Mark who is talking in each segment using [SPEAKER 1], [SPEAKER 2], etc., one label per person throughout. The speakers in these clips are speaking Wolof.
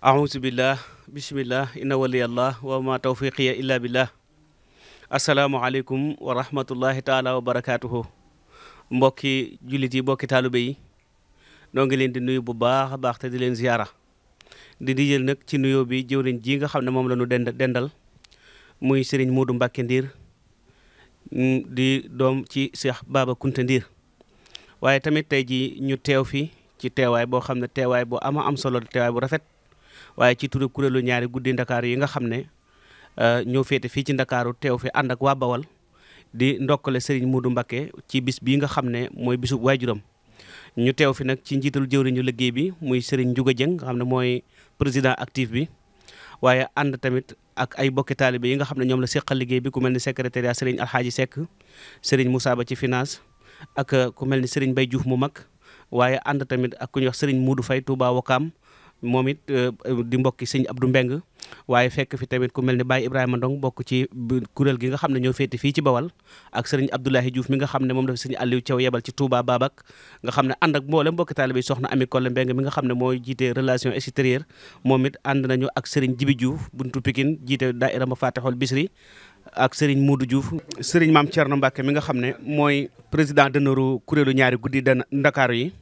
[SPEAKER 1] ahousubillah bisimillah inna waliyallah wa ma tawfiqiya illa billah asalaamualeykum wa rahmatullahi taala wa barakatuhu mbokki jullit yi mbokki taalube yi noo ngi leen di nuyu bu baax a baax te di leen ziyaara di di jël nag ci nuyoo bi jëwriñ ji nga xam ne moom la ñu dendal muy sëriñ Moodu Mbàkke Ndiir mm, di doom ci Cheikh Baba Kunta Ndiir waaye tamit tey ji ñu teew fi ci teewaay boo xam ne teewaay bu ama am solo teewaay bu rafet waaye ci turu kuréelu ñaari guddi ndakaaru yi nga xam ne euh, ñoo féete fii ci ndakaaru teew fi ànd ak waa Bawal di le sëriñ muudu Mbacké ci bis bii nga xam ne mooy bisu juram ñu teew fi nag ci njiital jëwriñu liggéey bi muy sëriñ Ndiouga Dieng nga xam ne mooy président actif bi waaye ànd tamit ak ay bokki taalibe yi nga xam ne ñoom la seqal liggéey bi ku mel ni secrétariat Serigne Alxaaji sekk Serigne Moussa Ba ci finance ak ku mel ni sëriñ Bay Diouf mu mag waaye ànd tamit ak ku ñuy wax Serigne Modou Faye Touba moom it euh, euh, di mbokki sëñ Abdou Mbeng waaye fekk fi tamit ku mel ni baay Ibrahima Ndong bokk ci kuréel gi nga xam ne ñoo féete fii ci Bawal ak sëriñ Abdoulahi Diouf mi nga xam ne moom dafa sëriñ Aliou Thiaw yebal ci Touba Babak nga xam ne ànd ak mboolem mbokki taalibe yi soxna Ami Kolle Mbeng mi nga xam ne moo jiite relation extérieure moomit it ànd nañu ak sëriñ Jibi Diouf buntu Pikine jiite ma Mafatihul Bisri ak sëriñ Moudou Diouf sëriñ Maam Thierno Mbacke mi nga xam ne mooy président d'honneur kuréelu ñaari guddi Ndakaaru yi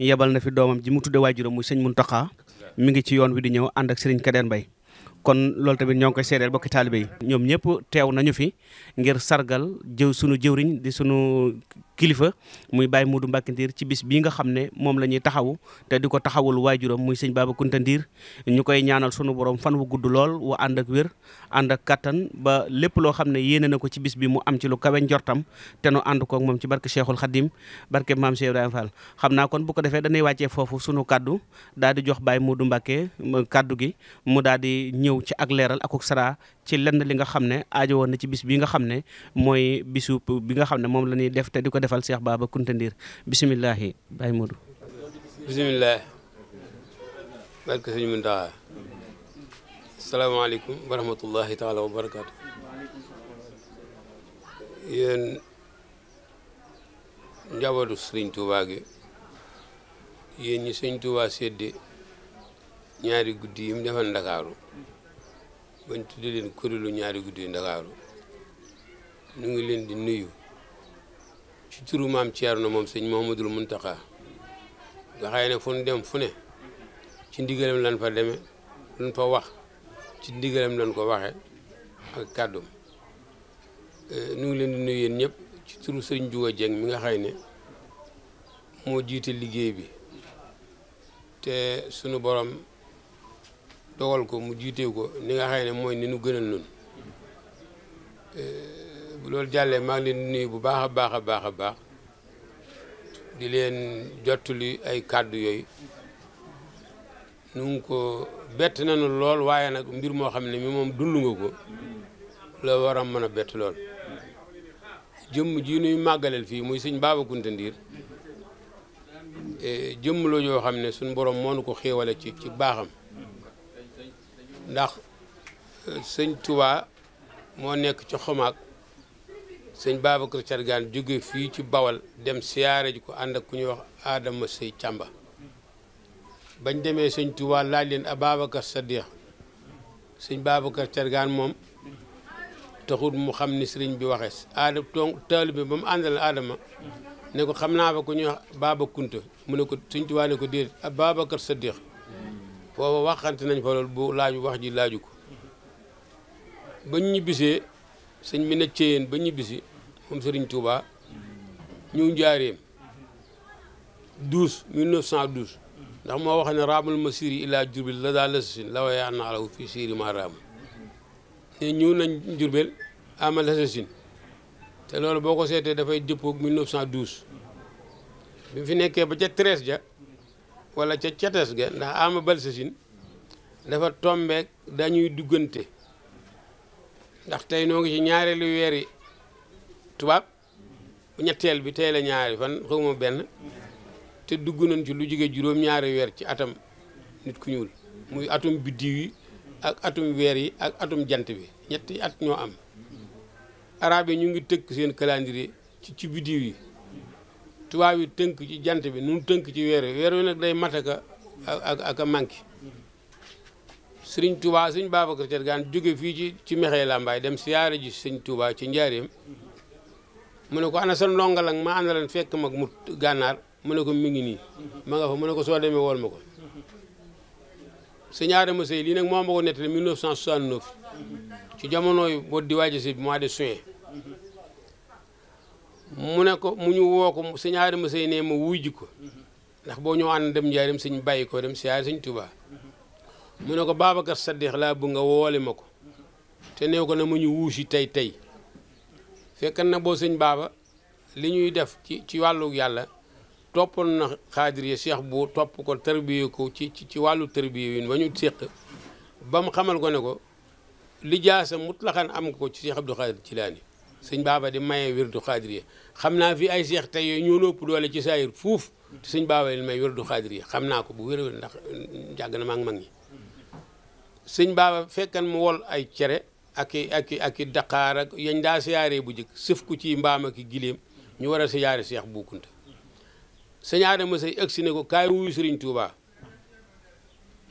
[SPEAKER 1] yebal na fi doomam ji mu tudde waajuram muy sëñ Muntaxa mi ngi ci yoon wi di ñëw ànd ak Serigne Kader Mbaye kon loolu tamit ñoo ngi koy seedeel bokki taalibe yi ñoom ñëpp teew nañu fi ngir sargal jëw sunu jëwriñ di sunu kilifa muy Baye Modou Mbacké ndiir ci bis bii nga xam ne moom la ñuy taxawu te di ko taxawul waajuram muy sëñ Baba Kounta Ndir ñu koy ñaanal sunu boroom fan wu gudd lool wa ànd ak wér ànd ak kattan ba lépp loo xam ne yéene na ko ci bis bi mu am ci lu kawe njortam te nu kook moom ci barke Cheikhul Khadim barke maam Cheikh Ibrahima Fall xam naa kon bu ko defee dañuy wàccee foofu sunu kaddu daal di jox Baye Modou Mbacké kaddu gi mu daal di ñëw ci ak leeral ci lenn li nga xam ne aajo na ci bis bi nga xam ne mooy bisu bi nga xam ne moom la ñuy def te di ko defal Cheikh Baba Kounta Ndir bisimilahi Baye Modou.
[SPEAKER 2] bisimilah. barke sëñ Muntaxa. salaamaaleykum wa rahmatullahi taala wa barakaatu. yéen njabootu gi yéen ñi sëñ Touba sédde ñaari guddi yi mu defal Ndakaaru. bañ tudde leen kuréelu ñaari guddi ndakaaru ñu ngi leen di nuyu ci turu maam Thierno moom sëñ Mouhamadul Mountakha nga xëy ne fu ñu dem fu ne ci ndigalam lan fa demee luñ fa wax ci ndigalam lan ko waxe ak kàddum euh, ñu ngi leen di nuyu yéen ñëpp ci turu sëñ Juga Jeng mi nga xëy ne moo jiite liggéey bi te sunu borom. dogal ko mu jiitee ko ni nga xam ne mooy ni nu gënal nun eh, bu loolu jàllee maa ngi leen di bu baax a baax a baax a baax di leen jottali ay kàddu yooyu nu ko bett nañu lool waaye nag mbir moo xam ne mi moom dund ko la war a mën a bett lool jëmm ji nuy màggaleel fii muy sëñ Baaba Kunta Ndiir eh, jëmm la xam ne suñu borom moo nu ko xéewale ci ci baaxam ndax euh, sëñ Touba moo nekk ci xomaag sëñ Babacar Cargaan jóge fii ci Bawal dem siyaare ji ko ànd ak ku ñuy wax Adama Sey Càmba bañ demee sëñ Touba laaj leen a Babacar Sadiq sëñ Babacar Cargaan moom te xut mu xam ni sëriñ bi waxee aada toog taalibe ba mu àndal Adama ne ko xam naa ba ku ñuy wax Baba Kunta mu ne ko sëñ Touba ne ko déet a Babacar Sadiq booba waxante nañ fa loolu bu laaju wax ji laaju ko bañ ñibbisee sëñ bi ne ceyeen ba ñibbisi moom Serigne Touba ñu njaareem 12 1912 ndax moo wax ne raamul ma siri ilaa jurbel la daa lasasin la waye naa law fii siri ma raam ne ñëw nañ jurbel ama lasasin te loolu boo ko seetee dafay jëppoog 1912 bi mu fi nekkee ba ca 13 ja wala ca cates ga ndax ama balsasin dafa tombeek dañuy duggante ndax tey noo ngi ci ñaareelu weeri tubaab ñetteel bi tey la ñaari fan xawma benn te dugg nañ ci lu jóge juróom-ñaari weer ci atam nit ku ñuul muy atum biddiw yi ak atum weer yi ak atum jant bi ñetti at ñoo am arabe yi ñu ngi tëkk seen calendrier ci ci biddiw yi tubaab yi tënk ci jant bi nu tënk ci weer yi weer wi nag day mat ak ak ak a manqué sëriñ Touba sëñ Babacar Thiat Gane jóge fii ci ci Mexee Lambaay dem siyaare ji sëñ Touba ci njaareem mu ne ko ana sa ndongal ak ma àndalan fekk mag mu gànnaar mu ne ko mi ngi nii ma nga mu ne ko soo demee wool ma ko sëñ Adama Sey lii nag moo ma ko nettali 1969 ci jamonooyu boo di waaji si mois de juin mu ne ko mu ñu woo ko sëñ Adama Sey ma wuy ko ndax boo ñëw ànd dem njaareem sëñ bàyyi ko dem siyaare sëñ Touba mu ne ko baaba Babacar Saddiq laa bu nga woole ma ko te néew ko na mu ñu wuusi tey tey fekkan na boo sëñ baaba li ñuy def ci ci wàllu yàlla toppoon na xaadir yi cheikh bu topp ko tërbiye ko ci ci wàllu tërbiye yi ba ñu séq ba mu xamal ko ne ko li jaasa mutlaxan am ko ci cheikh Abdou Xaadir Jilaani sëñ baaba di maye wirdu xaadir xam naa fi ay cheikh tey yooyu ñoo ci saayir fuuf te sëñ baaba li may wirdu xaadir yi xam naa ko bu wér-wér ndax jàgg na ma ak mag ñi sëñ baaba fekkan mu wol ay cere ak i ak daqaar ak yañ daa siyaaree bu njëkk sëf ku ci mbaam ak i gileem ñu war a siyaare seex buukunta sëñ Adama say agsi ne ko kaay wuyu sëriñ Tuubaa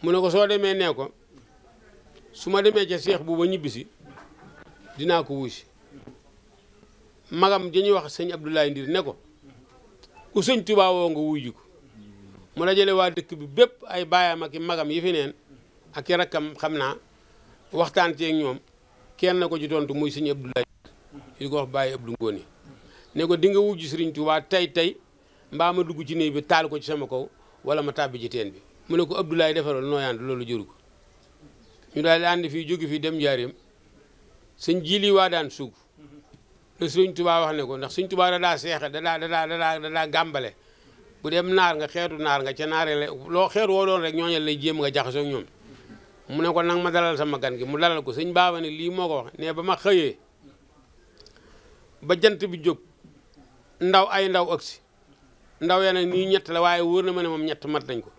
[SPEAKER 2] mu ne ko soo demee nee ko su ma demee ca seex bu ba ñibbisi dinaa ko wuy si magam dañuy wax sëñ Abdoulaye ne ko ku sëñ woo nga wuy ji ko mu dajale waa dëkk bi bépp ay baayam ak magam yi fi ak rakkam xam naa waxtaan ceeg ñoom kenn ko ci tontu muy sëñ Abdoulaye di ko wax bàyyi Abdou Ngóone ne ko di nga wujj sëriñ Tuubaa tey tey mbaa ma dugg ci néeg bi taal ko ci sama kaw wala ma tàbbi ci bi mu ne ko Abdoulaye defaral nooyaand loolu jëru ñu daal di ànd fi jóge fii dem njaareem sëñ jili waa daan suug le sëriñ Tuubaa wax ne ko ndax sëriñ Tuubaa da daa seexe da daa da gàmbale bu dem naar nga xeetu naar nga ca naare la loo xeetu woo doon rek ñooñu lay jéem nga jaxasoo ñoom mu ne ko nang ma dalal sama gan gi mu dalal ko sëñ baaba ne lii moo ko wax ne ba ma xëyee ba jant bi jóg ndaw ay ndaw agsi ndaw ya nag nii ñett la waaye wóor na ma ne moom ñett mat nañ ko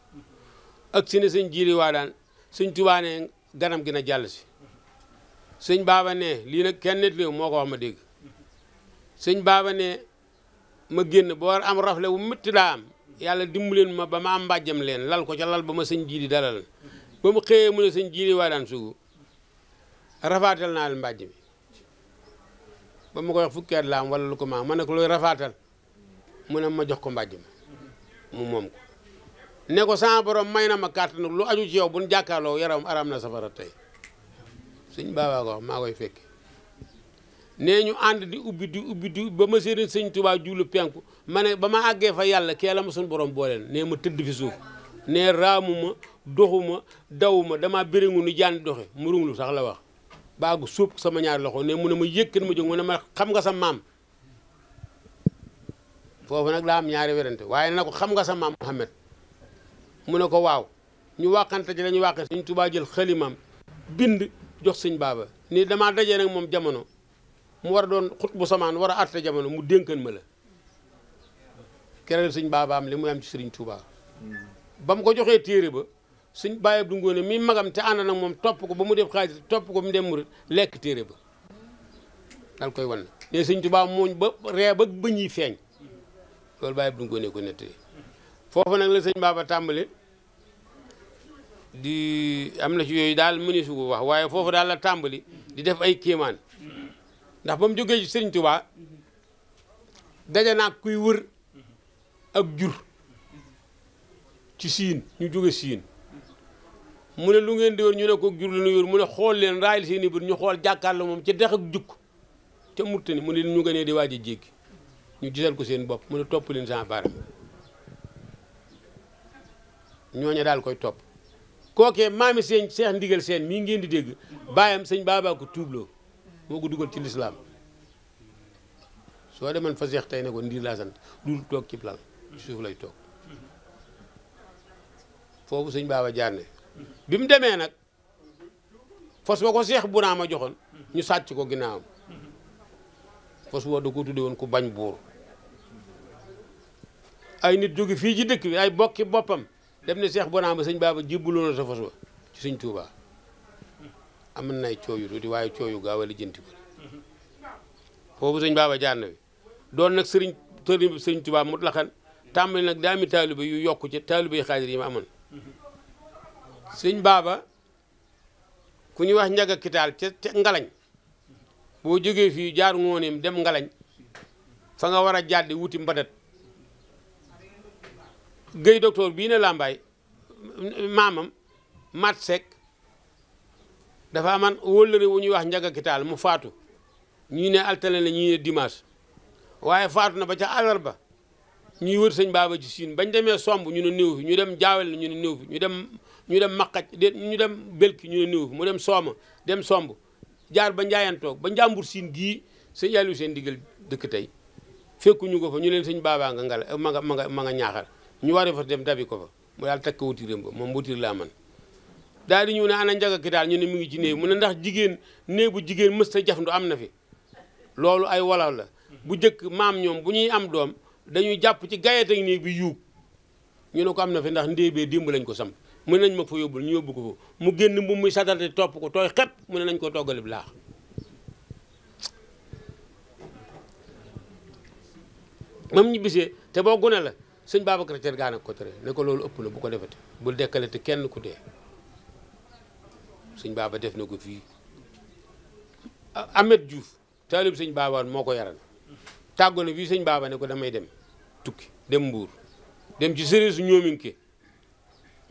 [SPEAKER 2] agsi ne sëñ jiiri waa daan sëñ tubaa ne ganam gi na jàll si sëñ baaba ne lii nag kenn nit léew moo ko wax ma dégg sëñ baaba ne ma génn ba war am rafle bu métti daa am yàlla dimbuleen ma ba ma am mbàjjam leen lal ko ca lal ba ma sëñ jiiri dalal ba mu xëyee mu ne sëñ jiili waa daan sugu rafaatal naa la mbàjj mi ba ma ko wax fukki at la am lu ko ma ma ne ko looy rafaatal mu ne ma jox ko mbàjj ma mu moom ko ne ko sama borom may na ma kàtt nag lu aju ci yow bu nu jàkkaarloo yaram aram na safara tey sëñ baabaa ko wax maa koy fekke nee ñu ànd di ubbi di ubbi ba ma séeréer sëñ Tuubaa jublu penku ma ne ba ma àggee fa yàlla kee la ma suñu borom booleel nee ma tëdd fi suuf ne raamuma doxuma dawuma damaa béréngu nu jaan doxe mu runglu sax la wax baagu suub sama ñaari loxo ne mu ne ma yëkkat ma jóg mu ne ma xam nga sa maam foofu nag daa am ñaari werante waaye na ko sa maam Muhammad mu ne ko waaw ñu wàqante ci la ñu wàqe suñ tubaa jël xalimaam bind jox sëñ baaba ni damaa daje nag moom jamono mu war a doon xut bu samaan war a atte jamono mu dénkan ma la keral sëñ baabaam li muy am ci sëriñ tubaa ba mu ko joxee téere ba suñ bàyyi du ngoone mi magam te ànd nag moom topp ko ba mu def xaalis topp ko mu dem murit lekk téere ba dal koy wan ne sëñ Tuubaa mooñ ba ree ba bëñ feeñ loolu bàyyi du ngoone ko nettali foofu nag la sëñ ba tàmbale di am na ci yooyu daal mëneesu ko wax waaye foofu daal la tàmbali di def ay kéemaan ndax ba mu jógee ci sëñ Tuubaa daja naa kuy wër ak jur ci siin ñu jóge siin mu ne lu ngeen di wër ñu ne ko jur lu ñu wër mu xool leen raayil seen i bët ñu xool jàkkaarloo moom ci dex ak jukk ca murtani mu ne ñu di waaj a jéggi ñu gisal ko seen bopp mu ne topp leen sans baram ñooñu daal koy topp kookee maami seen seex ndigal seen mii ngeen di dégg baayam sëñ baabaa ko tuubloo moo ko dugal ci lislaam soo demoon fa seex tey ne ko ndiir laa sant lu toog ci plan ci suuf lay toog foofu sëñ baaba jaarne bi mu demee nag fos ba ko seex bu naa ma joxoon ñu sàcc ko ginnaawam fos woo da ko tudde woon ku bañ buur ay nit jóge fii ci dëkk bi ay bokki boppam dem ne seex bu naa ma sëñ baaba a sa fos wa ci sëñ tuubaa am nay cooyu yu tuuti waaye coow yu gaaw a lijjanti ko foofu sëñ baaba jaarne bi doon nag sëriñ sëriñ sëriñ tuubaa mut laxan tàmbali nag daami taaliba yu yokku ci taaliba yi xaadir yi ma amoon sëñ baaba ku ñuy wax njaga kitaal ca ngalañ boo jógee fii jaar ngooneem dem ngalañ fa nga war a jàddi wuti mbadat géy docteur bii ne làmbaay maamam mat sek dafa aman wóllëre wu ñuy wax njaga kitaal mu faatu ñii ne altale la ñii ne waaye faatu na ba ca ba ñuy wër sëñ baaba ji siin bañ demee somb ñu ne néew fi ñu dem jaawel ñu ne ñu dem ñu dem maqaj déet ñu dem belki ñu ne mu dem sooma dem somb jaar ba njaayantoog ba njàmbur siin gii sëñ yàllu seen dëkk tey fekkuñu ko fa ñu leen sëñ baabaa nga ngal ma nga ma ñu war fa dem dabi ko fa mu daal takk wutiram ba moom wutir laa man daal di ñu ne ana njaga ki daal ñu ne mi ngi ci néew mu ne ndax jigéen néew jigéen mës ta jaf ndu am na fi loolu ay walaw la bu jëkk maam ñoom bu ñuy am doom dañuy jàpp ci gaye technique bi yuub ñu ne ko am na fi ndax ndéebee démb lañ ko sam mu ne nañ ma fa yóbbul ñu yóbbu ko fa mu génn mbubb muy satarte topp ko tooy xep mu ne nañ ko toggalib laax mam ñu bisee te boo gone la sëñ Babacar Thiel gaa nag ko tere ne ko loolu ëpp na bu ko defete bul dekkale te kenn ku dee sëñ Baba def na ko fii Ahmed Diouf taalib sëñ Baabaan moo ko yaran tàggoo na fii sëñ baaba ne ko damay dem tukki dem mbuur dem ci sëriñ su ñoominke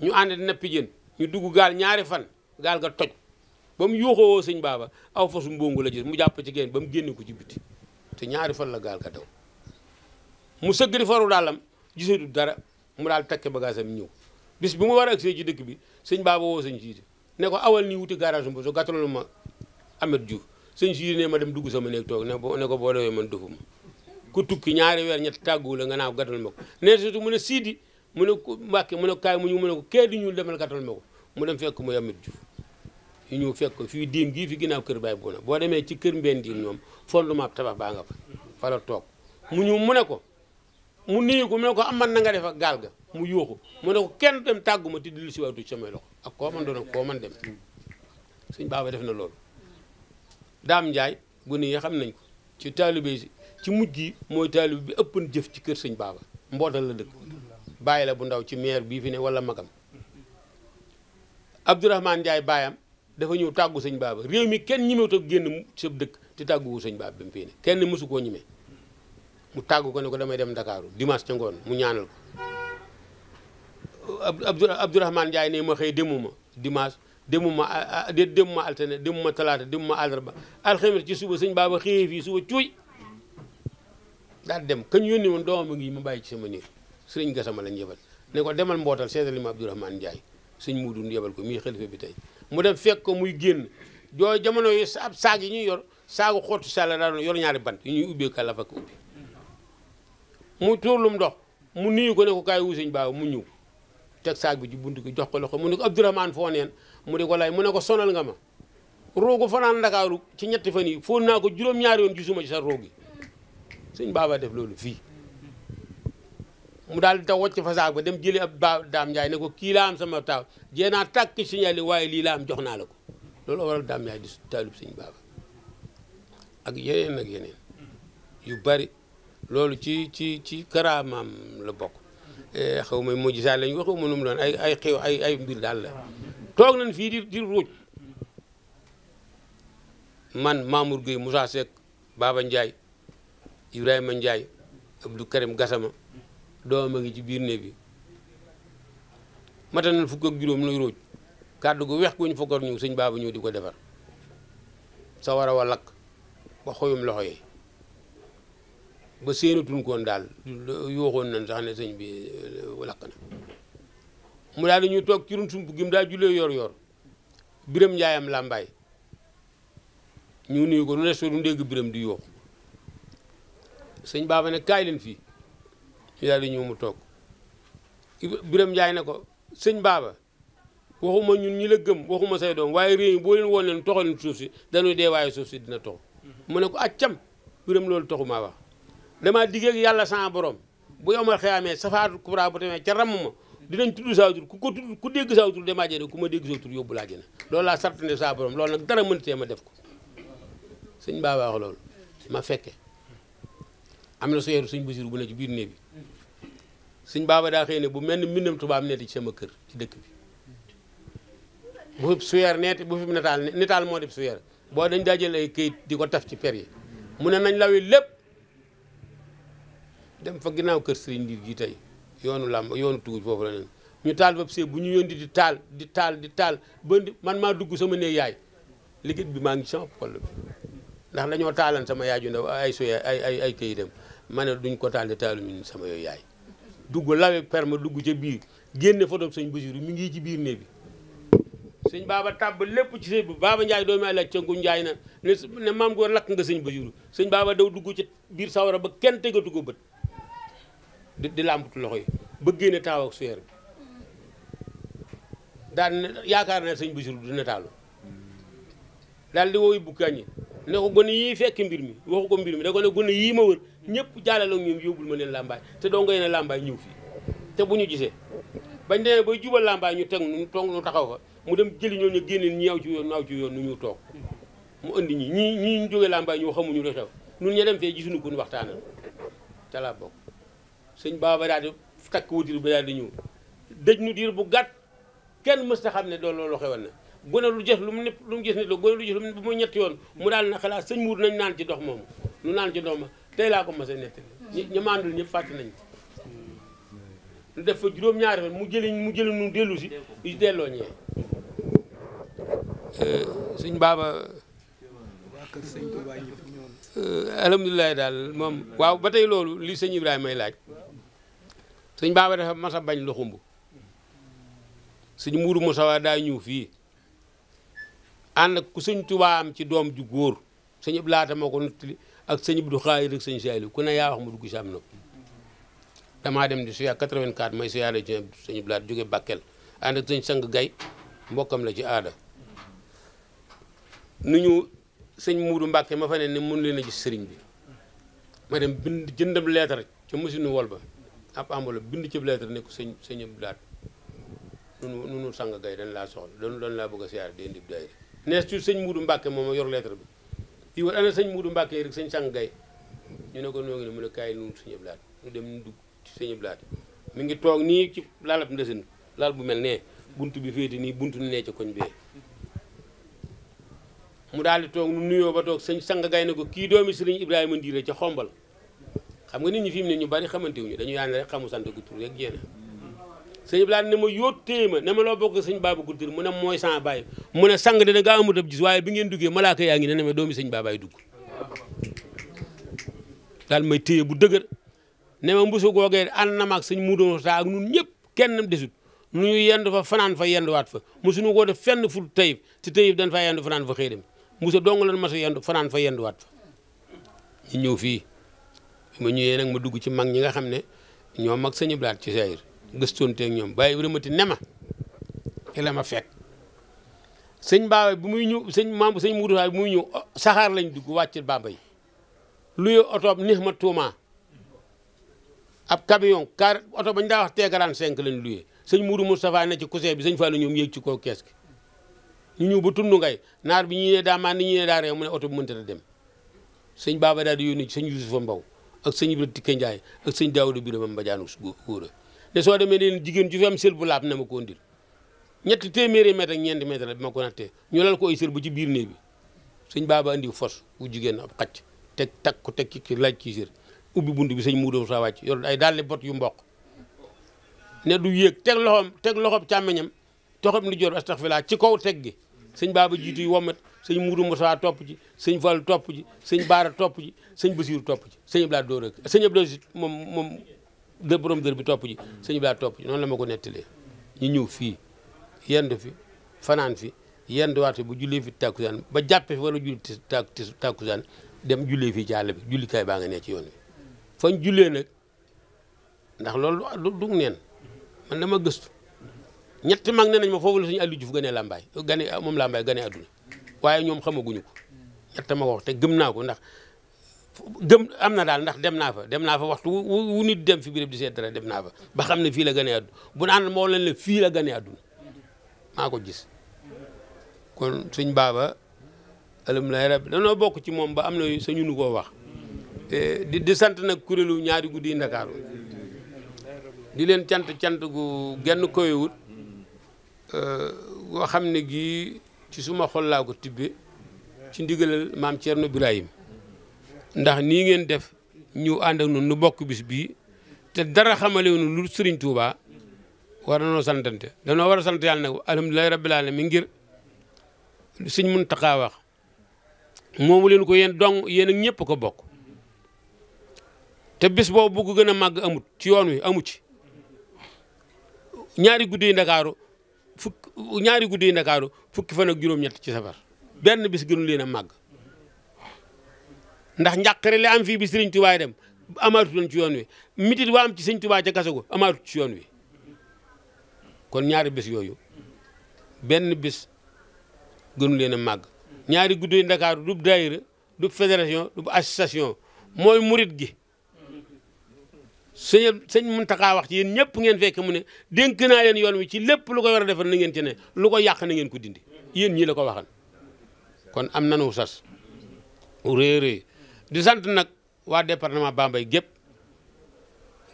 [SPEAKER 2] ñu ànd di nappi jën ñu dugg gaal ñaari fan gaal ga toj ba mu yuuxoo sëñ baaba aw fasu mbóngu la gis mu jàpp ci geen ba mu génne ko ci biti ñaari fan la gaal ga daw mu sëgg di faru daalam gisatu dara mu daal takke bagage am ñëw bis bi mu war a agsee ci dëkk bi sëñ baaba woo sëñ siidi ne ko awal nii wuti garage mboso gàttal ma Amet ju sëñ siidi ne ma dem dugg sama néeg toog ne ko boo dewee man dofuma ku tukki ñaari weer ñett tàgguwu la nga naaw gàttal ma ko nee surtout mu ne siidi mu ne ko mbàkke mu ne kaay mu ñu mu ne ko kee di ñuul demal gàttal ma mu dem fekk mu yamit Juuf yu ñu fekk ko fii diim gii fi ginnaaw kër baay bu na boo demee ci kër mbenn diim ñoom fondement ab tabax baa nga fa fa la toog mu ñu mu ne ko mu nuyu ku mu ne ko aman na nga def ak gaal ga mu yuuxu ko ne ko kenn dem ma ti dillu si waatu samay loxo ak koo man doon ak koo man dem suñ baaba def na loolu daam njaay gune yi xam nañ ko ci taalibe si ci mujj gi mooy taalib bi ëppan jëf ci kër sëñ baaba mbootal la dëkk bàyyi la bu ndaw ci maire bii fi ne wala magam Abdourahmane Ndiaye baayam dafa ñëw tàggu sëñ baaba réew mi kenn ñimewut ak génn sab dëkk te tàgguwu sëñ baaba bi mu fii ne kenn mësu koo ñime mu tàgg ko ne ko damay dem Ndakaaru dimanche ca ngoon mu ñaanal ko Abdou Abdourahmane Ndiaye ne ma xëy demuma dimanche demuma ah ah déet demuma altine demuma talaata demuma àllarba ci suba sëñ baaba xëyee fii suba cuuy daal dem kañ yónni woon doomam ngi ma bàyyi ci sama néeg sëriñ a lañ yebal ne ko demal mbootal seetali ma Abdourahmane Ndiaye sëñ muudun yebal ko muy xalifa bi tey mu dem fekk ko muy génn joo jamono yi ab saag yi ñuy yor saagu xottu sàlla daal yor ñaari bant yu ñuy ubbee kàlla fakk ubbi mu tuurlum ndox mu nuyu ko ne ko kaay wu sëñ mu ñëw teg saag bi ci bunt ko jox ko loxo mu ne ko Abdourahmane foo neen mu ne ko lay mu ne ko sonal nga ma roogu fanaan Ndakaaru ci ñetti fan yi fóon naa ko juróom-ñaari yoon gisuma ci sëñ baaba def loolu fii mu daal di taw wàcc fasaag ba dem jëli ab ba daam Ndiaye ne ko kii laa am sama taaw jéenaa tàkk signalé waaye lii laa am jox naa la ko loolu waral daam Ndiaye di taalib sëñ baaba ak yeneen ak yeneen yu bari loolu ci ci ci karaamaam la bokk eh, xaw ma mujj saa lañ wax xaw ma nu ay ay xew ay mbir daal la toog nañ fii di di ruuj man Mamour Gueye Moussa Seck Baba Ndiaye Ibrahima Ndiaye Abdou Karim Gassama doomam a ngi ci biir néeg bi mata nan fukk ak juróom nuy róoj kàddu gu weex guñ fokkar ñu sëñ baaba ñëw di ko defar sa wa lakk ba xoyum loxo yi ba séenatuñ koon daal yooxoon nañ sax ne sëñ bi euh, lakk na mu daal ñu toog ci run sump gim daa jullee yor yor biram njaayam làmbaay ñu nuyu ko lu ne su du ndégg biram di yooxu sëñ baaba ne kaay leen fii ñu daal ñëw mu toog Biram Njaay na ko sëñ baaba waxuma ñun ñi la gëm waxuma say doom waaye réew yi boo leen woon leen toxal suuf si dañuy dee waaye suuf dina tox mu ne ko accam Biram loolu toxu maa wax damaa diggéeg yàlla sama borom bu yow ma xeyaamee safaatul kubra bu tamee ca ramm ma dinañ tudd saa tur ku ko tudd ku dégg saa tur dem ku ma dégg saa tur laa jëna loolu laa sartane saa borom loolu nag dara mënatee ma def ko sëñ baaba wax ma fekke am na seeru suñ Basiru bu ne ci biir néeg bi suñ baaba daa xëy ne bu mel ni mbindam tubaab neeti ci sama kër ci dëkk bi bu suyeer neeti bu fi nataal moo def suyeer boo dañ daa jël ay këyit di ko taf ci per yi mu ne nañ lawi lépp dem fa ginnaaw kër sëriñ Ndiir gi yoonu làmb yoonu tuguj ñu taal fa bu ñu di taal di taal man maa dugg sama néeg bi maa ngi sama dañoo taalan sama yaay mane ne duñ ko taal taalu min sama yooyu yaay dugg lawe perme dugg ca biir génne photo sëñ Basiru mi ngi ci biir néeg bi sëñ baaba tàbb lépp ci sëñ bi baaba Njaay doomu ay laaj cëngu Njaay na ne ne maam góor lakk nga sëñ Basiru sëñ baaba daw dugg ci biir sawara ba kenn tegatu ko bët di di làmbatu loxo yi ba génne taaw ak suyeer bi daal ne yaakaar na sëñ Basiru dina taalu daal di wooyu bukkaan yi ne ko gone yii fekk mbir mi waxu ko mbir mi da ko ne gone ñëpp jaalale ak ñoom yóbbul ma leen làmbaay te dongo yi ne làmbaay ñëw fii te bu ñu gisee bañ dene bay jubal làmbaay ñu teg toog ñu taxaw fa mu dem jëli ñoom ñu génneen ñi aw ci yoon yoon nu ñu toog mu andi ñi ñii ñu jógee làmbaay ñoo xamuñu lu xew ñun ña dem fee gisuñu ko ñu waxtaanal ca laa bokk sëñ baaba ba di ñëw dëj nu diir bu gàtt kenn mës ta xam ne doolu loolu xewal na gone lu lu mu ne lu mu gis nit la gone ñetti yoon mu daal na xalaat sëñ muur nañ naan ci dox moomu nu naan ci dox ma tey laa ko mos a nettali ñu mandul ñëpp fàtte nañ ko lu def fa juróom-ñaari fan mu jëli mu jëli nu dellu si ñu ñee euh, suñ baaba euh, alhamdulilah daal moom waaw ba tey loolu li sëñ Ibrahima may laaj suñ baaba dafa mas a bañ lu xumb suñ muuru Musawa daa ñëw fii ànd ak ku sëñ Tuubaa ci doom ju góor sëñ Iblaata moo ko nettali ak sëñ Abdou Khadre ak sëñ Saliou ku ne yaa wax mu dugg si am nopp damaa dem di suya 84 may suya la ci sëñ Blaat jóge Bakel ànd ak sëñ Sang Gay mbokkam la ji aada nu ñu sëñ Muudu Mbàkke ma fa ne ni mun leen a gis sëriñ bi ma dem bind jëndam leetar ca machine wol ba ab ambalo bind ci leetar ne ko sëñ bu Blaat nunu nu Sang Gay dañ laa soxla doon doon laa bëgg a siyaare di indi daayira tu sëñ Muudu Mbàkke moom a yor leetar bi di war ana sëñ Muudu Mbàkke rek sëñ Sang ñu ne ko noo ngi ne mu ne kaay nu sëñ Ablaat ñu dem ñu mi ngi toog nii ci laalab ndesin lal bu mel nee bunt bi féete nii bunt ni nee ca koñ bee mu daal di toog nu nuyoo ba toog sëñ Sang Gay ne ko kii doomi sëriñ Ibrahima Ndiire ca xombal xam nga nit ñi fii mu ne ñu bari xamante wuñu dañu yaane rek xamu sant gu tur rek jéena sëñ Ibrahima ne ma yóttee ma ne ma loo bokk sëñ baaba Goudiri mu ne mooy sama baay mu ne sang dana gaa amut ab gis waaye bi ngeen duggee malaaka yaa ngi ne ne ma doomi sëñ baabaay dugg daal may téye bu dëgër ne ma mbusu googee ànd na ma ak mu doo ta ak ñun ñëpp kenn desut nu ñu yendu fa fanaan fa yenduwaat fa mosuñu ko def fenn ful tayib te tayib dañ fa yendu fanaan fa xëy dem mbusa dong lan mas a yendu fanaan fa yenduwaat fa ñëw fii ma ñëwee nag ma dugg ci mag ñi nga xam ne ñoo mag sëñ Ibrahima ci sayir gëstoonteeg ñoom bàyyi wéramati ne ma ki la ma fekk sëñ Baaba bu muy ñëw sëñ maam sëñ Mourou bu muy ñëw saxaar lañ dugg wàcc Bambey luyo otoom neex ma tuuma ab camion car oto bañ daa wax tee 45 lañ luye sëñ Mourou Moustapha ne ci coussin bi sëñ Fallou ñoom yéeg ci kaw kees gi ñu ñëw ba tund ngay naar bi ñu ne daa maan ni ñu ne daa reew mu ne oto bi mënta a dem sëñ Baaba daal di yónni ci sëñ Youssoufa Mbaw ak sëñ Ibrahima Tikke Ndiaye ak sëñ Daouda Birame Mbadiane Góora te soo demee leen jigéen ju fi am sel bu laab na ma ko ndil ñetti téeméeri mètre ak ñeenti mètre bi ma ko nattee ñu lal ko ay sel bu ci biir néeg bi sëñ baaba andi fos bu jigéen ab xacc teg tag ko teg ci laaj ci sër ubbi bunt bi sëñ muudoo saa wàcc yor ay daalli bot yu mboq ne du yéeg teg loxoom teg loxob càmmeñam toxob ni jor astaxfirlaa ci kaw teg gi sëñ baaba jiitu yu womat sëñ muudu musaa topp ci sëñ fall topp ci sëñ baara topp ci sëñ basiiru topp ci sëñ abdulaay door ak sëñ abdulaay moom moom dë borom dër bi topp ji sëñ bi laa topp ji noonu la ma ko nettalee ñu ñëw fii yend fi fanaan fi yend waate bu jullee fi tàkkusaan ba jàppe fi wala julli tis tàkkusaan dem jullee fii ci bi jullikaay baa nga ne ci yoon bi fañ jullee nag ndax loolu du neen man ma gëstu ñetti mag ne nañ ma foofu la suñu Aliou Diouf gane làmbaay gane moom làmbaay gane àdduna waaye ñoom xamaguñu ko ñett ma ko te gëm naa ko ndax dem am na daal ndax dem naa fa dem naa fa waxtu wu nit dem fi béréb di seet dem naa fa ba xam ne fii la gane àdduna bu naan moo leen la fii la gane àdduna maa ko gis kon suñ baaba alhamdulilah rabbi danoo bokk ci moom ba am na sañu nu koo wax di di sant nag kuréelu ñaari guddi ndakaaru di leen cant cant gu genn koyewut goo xam ne gii ci suma xol laa ko tibbe ci ndigalal maam Thierno Birahim ndax nii ngeen def ñu ànd ak ñun nu bokk bis bii te dara xamale wu lu Serigne Touba war nañoo santante danoo war a sant yàlla nag alhamdulilah rabbil alamin ngir sëñ Muntaxa wax moomu ko yéen dong yéen ak ñëpp ko bokk te bis boobu bu ko gën a màgg amut ci yoon wi amu ci ñaari guddi yi ndakaaru fukk ñaari guddi yi ndakaaru fukki fan ak juróom-ñett ci safar benn bis gënu leen a màgg. ndax njàqare li am fii bi Serigne Touba dem amaatutoon ci yoon wi mitit waa am ci Serigne Touba ca kaso gu amaatut ci yoon wi kon ñaari bés yooyu benn bés gënu leen a màgg ñaari guddoy Ndakaaru du daayira du fédération du association mooy murit gi sëñ sëñ Muntaxa wax ci yéen ñëpp ngeen fekk mu ne dénk naa leen yoon wi ci lépp lu ko war a defar na ngeen ci ne lu ko yàq na ngeen ko dindi yéen ñii la ko waxal kon am nanu sas réeréer di sant nag waa département Bambey gépp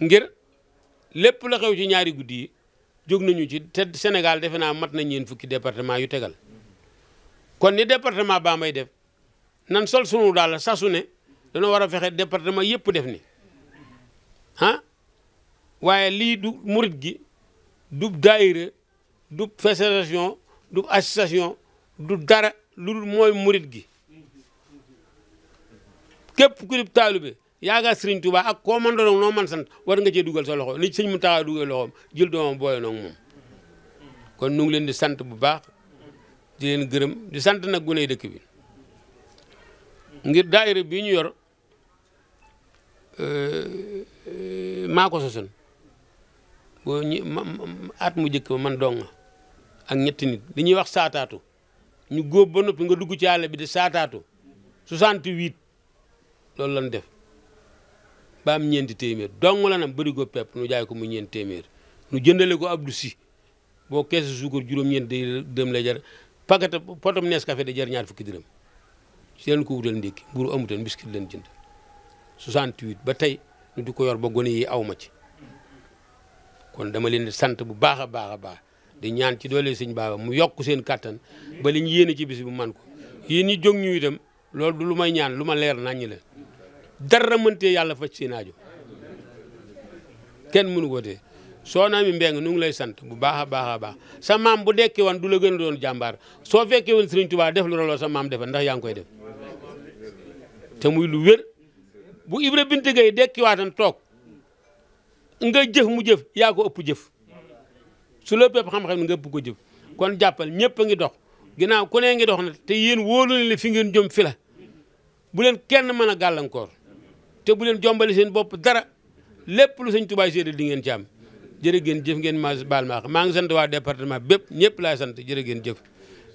[SPEAKER 2] ngir lépp la xew ci ñaari guddi yi jóg nañu ci tedd Sénégal defe naa mat na ñeen fukki département yu tegal kon ni département Bambey def nan sol sunu daal sa su ne dana war a fexe département yëpp def ni ah waaye lii du murit gi du daayira du fédération du association du dara lu mooy murit gi képp ku dib taalibe yaakaar Serigne Touba ak koo man doon noo man sant war nga cee dugal sa loxo ni sëñ mu taxaa dugal loxoom jël doomam booye noog moom kon nu ngi leen di sant bu baax di leen gërëm di sant nag guney dëkk bi ngir da bi ñu yor euh, maa ko sosoon at mu jëkk ba man dong ak ñetti nit dañuy wax saataatu ñu góob ba noppi nga dugg ci àll bi di saataatu 68 lool loolu lañ def ba am ñeenti téeméer dong la nam bëri ko pepp nu jaay ko mu ñeenti téeméer nu jëndale ko Abdou Si boo keesu suukar juróom-ñeent day dëm lay jar paquet potom Nescafé da jar ñaar fukki dërëm seen leen ko wutal ndékki mburu amutoon biscuit leen jënd 68 ba tey nu di ko yor ba gone yi aw ma ci kon dama leen di sant bu baax a baax a baax di ñaan ci doole sëñ baaba mu yokk seen kàttan ba li ñu ci bis bu man ko yéen ñi jóg ñu loolu du lu may ñaan lu ma leer naññ la dara mëntee yàlla faj seen aajo kenn mënu ko dee soo naa mi mbeng nu ngi lay sant bu baax a baax a baax sa maam bu dekkee woon du la gën doon jàmbaar soo fekkee woon Serigne Touba def lu raloo sa maam defe ndax yaa ngi koy def te muy lu wér bu ibre Binte Gaye dekkiwaatam toog nga jëf mu jëf yaa ko ëpp jëf su la ëpp xam-xam nga ëpp ko jëf kon jàppal ñëpp a ngi dox ginnaaw ko nee ngi dox na te yéen woo ne fi ngeen jëm fi la bu leen kenn mën a gàllankoor te bu leen jombale seen bopp dara lépp lu sëñ Tuubaa séedal di ngeen ci am jërë ngeen jëf ngeen ma baal maa maa ngi sant waa département bépp ñëpp laay sant jërë ngeen jëf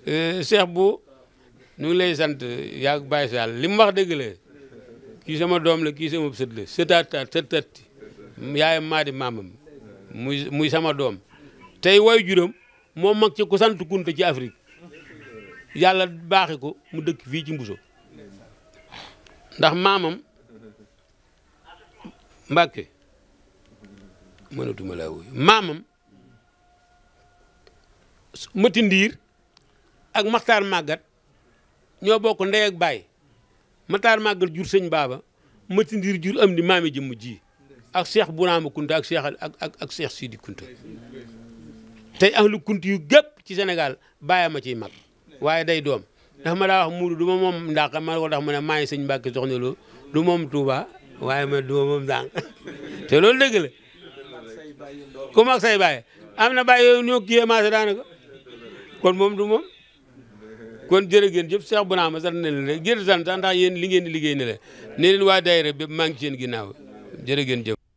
[SPEAKER 2] euh, Cheikh bu ñu ngi lay sant yaa ngi bàyyi Sall li mu wax dëgg la kii sama doom la kii sama sët la sëtaat sëtaat yaayam maa di maamam muy muy sama doom tey way juróom moo mag ci ku sant kunta ci Afrique yàlla baaxe ko mu dëkk fii ci Mbuso ndax maamam Mbàkke mënatuma laa wuyu maamam Mati Ndiir ak Maxtaar Màggat ñoo bokk ndey ak baay Maxtaar Màggat jur sëñ baaba Mati Ndiir jur am di maami jëmm ji ak Cheikh Bourama Kunta ak Cheikh ak ak ak Cheikh Sidi Kunta tey ahlu Kunta yu gépp ci Sénégal bàyyi ma ciy waaye day doom ndax ma daa wax muudu du ma moom ndànk ma ko tax mu ne maa ngi sëñ du moom Touba waaye ma du ma moom te loolu dëgg la ku mag say am na bàyyi yooyu ñoo kiyee maase daanaka kon moom du kon jërë ngeen jëf Cheikh Bounama sant nañ leen rek jërë sant yéen li di liggéey ne la ne leen waa daayira bépp maa ngi seen ginnaaw jërë ngeen jëf